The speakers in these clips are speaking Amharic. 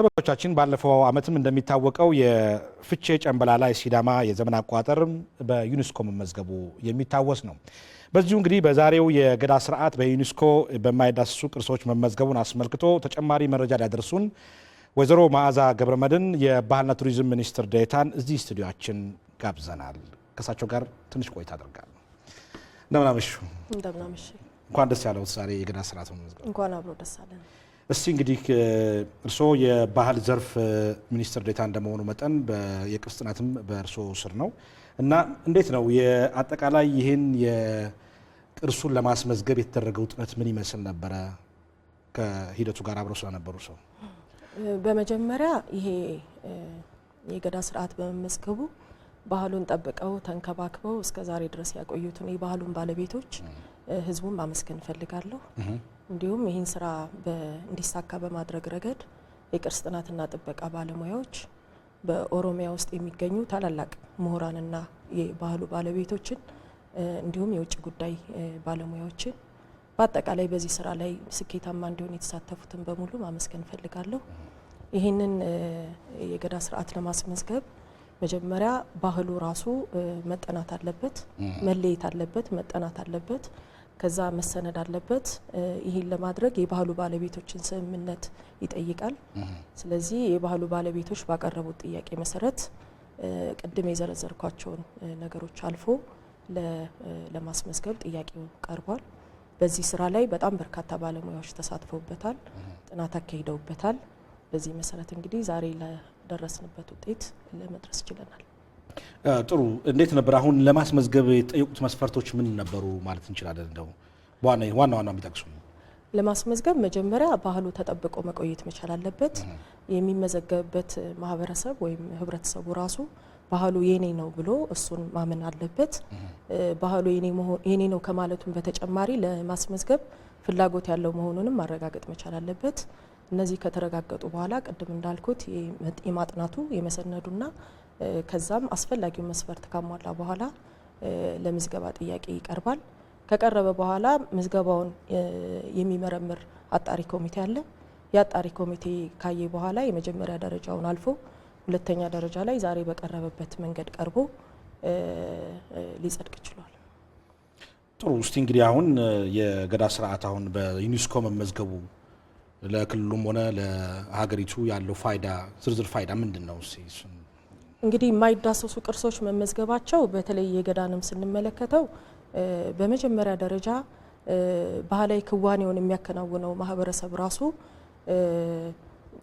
ተመልካቾቻችን ባለፈው ዓመትም እንደሚታወቀው የፍቼ ጨንበላ ላይ ሲዳማ የዘመን አቆጣጠር በዩኔስኮ መመዝገቡ የሚታወስ ነው። በዚሁ እንግዲህ በዛሬው የገዳ ስርዓት በዩኒስኮ በማይዳስሱ ቅርሶች መመዝገቡን አስመልክቶ ተጨማሪ መረጃ ሊያደርሱን ወይዘሮ መዓዛ ገብረመድን የባህልና ቱሪዝም ሚኒስትር ዴታን እዚህ ስቱዲዮችን ጋብዘናል። ከእሳቸው ጋር ትንሽ ቆይታ አደርጋለሁ። እንደምናመሹ። እንኳን ደስ ያለው ዛሬ የገዳ ስርዓት መመዝገብ እንኳን አብሮ ደስ አለን። እስቲ እንግዲህ እርስዎ የባህል ዘርፍ ሚኒስትር ዴታ እንደመሆኑ መጠን የቅርስ ጥናትም በእርስዎ ስር ነው እና እንዴት ነው የአጠቃላይ ይህን የቅርሱን ለማስመዝገብ የተደረገው ጥረት ምን ይመስል ነበረ? ከሂደቱ ጋር አብረው ስለነበሩ ሰው በመጀመሪያ ይሄ የገዳ ስርዓት በመመዝገቡ ባህሉን ጠብቀው ተንከባክበው እስከ ዛሬ ድረስ ያቆዩትን የባህሉን ባለቤቶች ህዝቡን ማመስገን እፈልጋለሁ። እንዲሁም ይህን ስራ እንዲሳካ በማድረግ ረገድ የቅርስ ጥናትና ጥበቃ ባለሙያዎች በኦሮሚያ ውስጥ የሚገኙ ታላላቅ ምሁራንና የባህሉ ባለቤቶችን እንዲሁም የውጭ ጉዳይ ባለሙያዎችን በአጠቃላይ በዚህ ስራ ላይ ስኬታማ እንዲሆን የተሳተፉትን በሙሉ ማመስገን እፈልጋለሁ። ይህንን የገዳ ስርዓት ለማስመዝገብ መጀመሪያ ባህሉ ራሱ መጠናት አለበት፣ መለየት አለበት፣ መጠናት አለበት፣ ከዛ መሰነድ አለበት። ይህን ለማድረግ የባህሉ ባለቤቶችን ስምምነት ይጠይቃል። ስለዚህ የባህሉ ባለቤቶች ባቀረቡት ጥያቄ መሰረት ቅድም የዘረዘርኳቸውን ነገሮች አልፎ ለማስመዝገብ ጥያቄው ቀርቧል። በዚህ ስራ ላይ በጣም በርካታ ባለሙያዎች ተሳትፈውበታል፣ ጥናት አካሂደውበታል። በዚህ መሰረት እንግዲህ ዛሬ ደረስንበት ውጤት ለመድረስ ችለናል። ጥሩ እንዴት ነበር? አሁን ለማስመዝገብ የተጠየቁት መስፈርቶች ምን ነበሩ ማለት እንችላለን? እንደው ዋና ዋና ዋና የሚጠቅሱ ለማስመዝገብ መጀመሪያ ባህሉ ተጠብቆ መቆየት መቻል አለበት። የሚመዘገብበት ማህበረሰብ ወይም ህብረተሰቡ ራሱ ባህሉ የኔ ነው ብሎ እሱን ማመን አለበት። ባህሉ የኔ ነው ከማለቱም በተጨማሪ ለማስመዝገብ ፍላጎት ያለው መሆኑንም ማረጋገጥ መቻል አለበት። እነዚህ ከተረጋገጡ በኋላ ቅድም እንዳልኩት የማጥናቱ የመሰነዱና ከዛም አስፈላጊው መስፈርት ካሟላ በኋላ ለምዝገባ ጥያቄ ይቀርባል። ከቀረበ በኋላ ምዝገባውን የሚመረምር አጣሪ ኮሚቴ አለ። የአጣሪ ኮሚቴ ካየ በኋላ የመጀመሪያ ደረጃውን አልፎ ሁለተኛ ደረጃ ላይ ዛሬ በቀረበበት መንገድ ቀርቦ ሊጸድቅ ችሏል። ጥሩ። እስቲ እንግዲህ አሁን የገዳ ስርዓት አሁን በዩኒስኮ መመዝገቡ ለክልሉም ሆነ ለሀገሪቱ ያለው ፋይዳ ዝርዝር ፋይዳ ምንድን ነው? እንግዲህ የማይዳሰሱ ቅርሶች መመዝገባቸው በተለይ የገዳንም ስንመለከተው በመጀመሪያ ደረጃ ባህላዊ ክዋኔውን የሚያከናውነው ማህበረሰብ ራሱ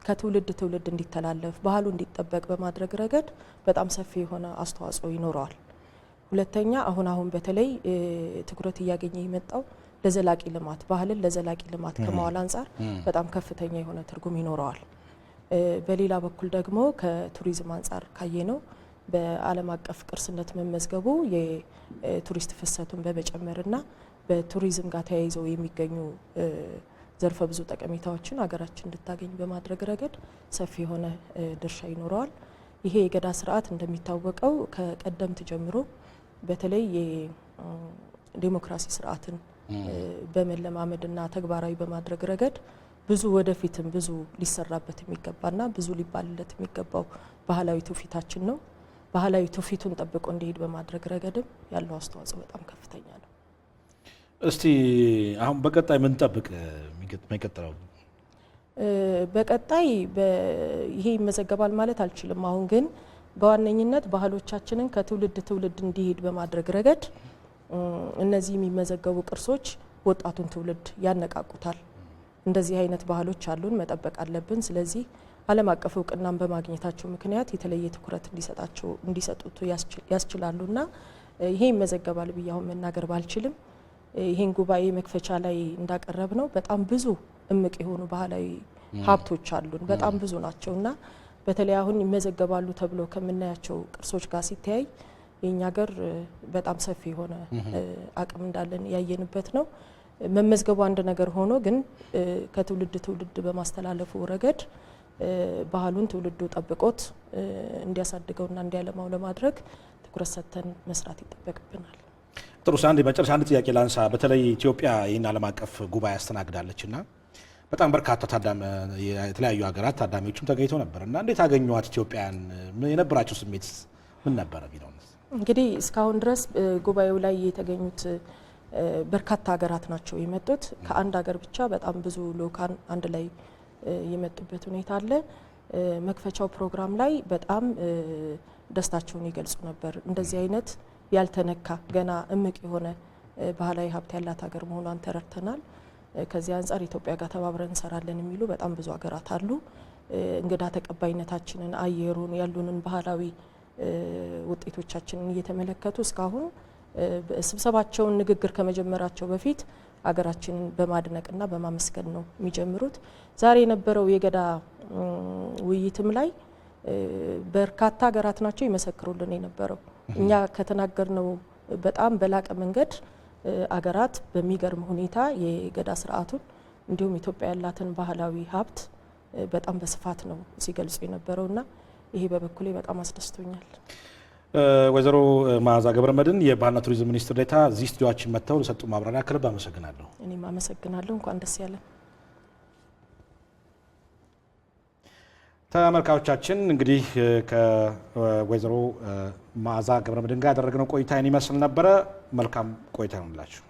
ከትውልድ ትውልድ እንዲተላለፍ ባህሉ እንዲጠበቅ በማድረግ ረገድ በጣም ሰፊ የሆነ አስተዋጽኦ ይኖረዋል። ሁለተኛ አሁን አሁን በተለይ ትኩረት እያገኘ የመጣው ለዘላቂ ልማት ባህልን ለዘላቂ ልማት ከማዋል አንጻር በጣም ከፍተኛ የሆነ ትርጉም ይኖረዋል። በሌላ በኩል ደግሞ ከቱሪዝም አንጻር ካየ ነው በዓለም አቀፍ ቅርስነት መመዝገቡ የቱሪስት ፍሰቱን በመጨመርና በቱሪዝም ጋር ተያይዘው የሚገኙ ዘርፈ ብዙ ጠቀሜታዎችን ሀገራችን እንድታገኝ በማድረግ ረገድ ሰፊ የሆነ ድርሻ ይኖረዋል። ይሄ የገዳ ስርዓት እንደሚታወቀው ከቀደምት ጀምሮ በተለይ የዴሞክራሲ ስርዓትን በመለማመድና ተግባራዊ በማድረግ ረገድ ብዙ ወደፊትም ብዙ ሊሰራበት የሚገባና ብዙ ሊባልለት የሚገባው ባህላዊ ትውፊታችን ነው። ባህላዊ ትውፊቱን ጠብቆ እንዲሄድ በማድረግ ረገድም ያለው አስተዋጽኦ በጣም ከፍተኛ ነው። እስቲ አሁን በቀጣይ ምን ጠብቅ የሚቀጥለው? በቀጣይ ይሄ ይመዘገባል ማለት አልችልም። አሁን ግን በዋነኝነት ባህሎቻችንን ከትውልድ ትውልድ እንዲሄድ በማድረግ ረገድ እነዚህ የሚመዘገቡ ቅርሶች ወጣቱን ትውልድ ያነቃቁታል። እንደዚህ አይነት ባህሎች አሉን፣ መጠበቅ አለብን። ስለዚህ ዓለም አቀፍ እውቅናን በማግኘታቸው ምክንያት የተለየ ትኩረት እንዲሰጣቸው እንዲሰጡት ያስችላሉና ይሄ ይመዘገባል ብዬ አሁን መናገር ባልችልም ይህን ጉባኤ መክፈቻ ላይ እንዳቀረብ ነው በጣም ብዙ እምቅ የሆኑ ባህላዊ ሀብቶች አሉን። በጣም ብዙ ናቸውና በተለይ አሁን ይመዘገባሉ ተብሎ ከምናያቸው ቅርሶች ጋር ሲተያይ የእኛ ሀገር በጣም ሰፊ የሆነ አቅም እንዳለን ያየንበት ነው። መመዝገቡ አንድ ነገር ሆኖ ግን ከትውልድ ትውልድ በማስተላለፉ ረገድ ባህሉን ትውልዱ ጠብቆት እንዲያሳድገውና እንዲያለማው ለማድረግ ትኩረት ሰጥተን መስራት ይጠበቅብናል። ጥሩ። አንድ መጨረሻ አንድ ጥያቄ ላንሳ። በተለይ ኢትዮጵያ ይህን ዓለም አቀፍ ጉባኤ ያስተናግዳለች እና በጣም በርካታ የተለያዩ ሀገራት ታዳሚዎችም ተገኝተው ነበር እና እንዴት አገኘዋት ኢትዮጵያን? የነበራቸው ስሜት ምን ነበረ ቢለውነት እንግዲህ እስካሁን ድረስ ጉባኤው ላይ የተገኙት በርካታ ሀገራት ናቸው የመጡት። ከአንድ ሀገር ብቻ በጣም ብዙ ልኡካን አንድ ላይ የመጡበት ሁኔታ አለ። መክፈቻው ፕሮግራም ላይ በጣም ደስታቸውን ይገልጹ ነበር። እንደዚህ አይነት ያልተነካ ገና እምቅ የሆነ ባህላዊ ሀብት ያላት ሀገር መሆኗን ተረድተናል። ከዚህ አንጻር ኢትዮጵያ ጋር ተባብረን እንሰራለን የሚሉ በጣም ብዙ ሀገራት አሉ። እንግዳ ተቀባይነታችንን፣ አየሩን፣ ያሉንን ባህላዊ ውጤቶቻችንን እየተመለከቱ እስካሁን ስብሰባቸውን ንግግር ከመጀመራቸው በፊት ሀገራችንን በማድነቅና በማመስገን ነው የሚጀምሩት። ዛሬ የነበረው የገዳ ውይይትም ላይ በርካታ ሀገራት ናቸው ይመሰክሩልን የነበረው እኛ ከተናገርነው በጣም በላቀ መንገድ አገራት በሚገርም ሁኔታ የገዳ ስርዓቱን እንዲሁም ኢትዮጵያ ያላትን ባህላዊ ሀብት በጣም በስፋት ነው ሲገልጹ የነበረውና ይሄ በበኩሌ በጣም አስደስቶኛል። ወይዘሮ መዓዛ ገብረመድን የባህልና ቱሪዝም ሚኒስትር ዴኤታ እዚህ ስቱዲዮችን መጥተው ለሰጡ ማብራሪያ ክልብ አመሰግናለሁ። እኔም አመሰግናለሁ። እንኳን ደስ ያለን። ተመልካቾቻችን እንግዲህ ከወይዘሮ መዓዛ ገብረመድን ጋር ያደረግነው ቆይታ ይህን ይመስል ነበረ። መልካም ቆይታ ይሁንላችሁ።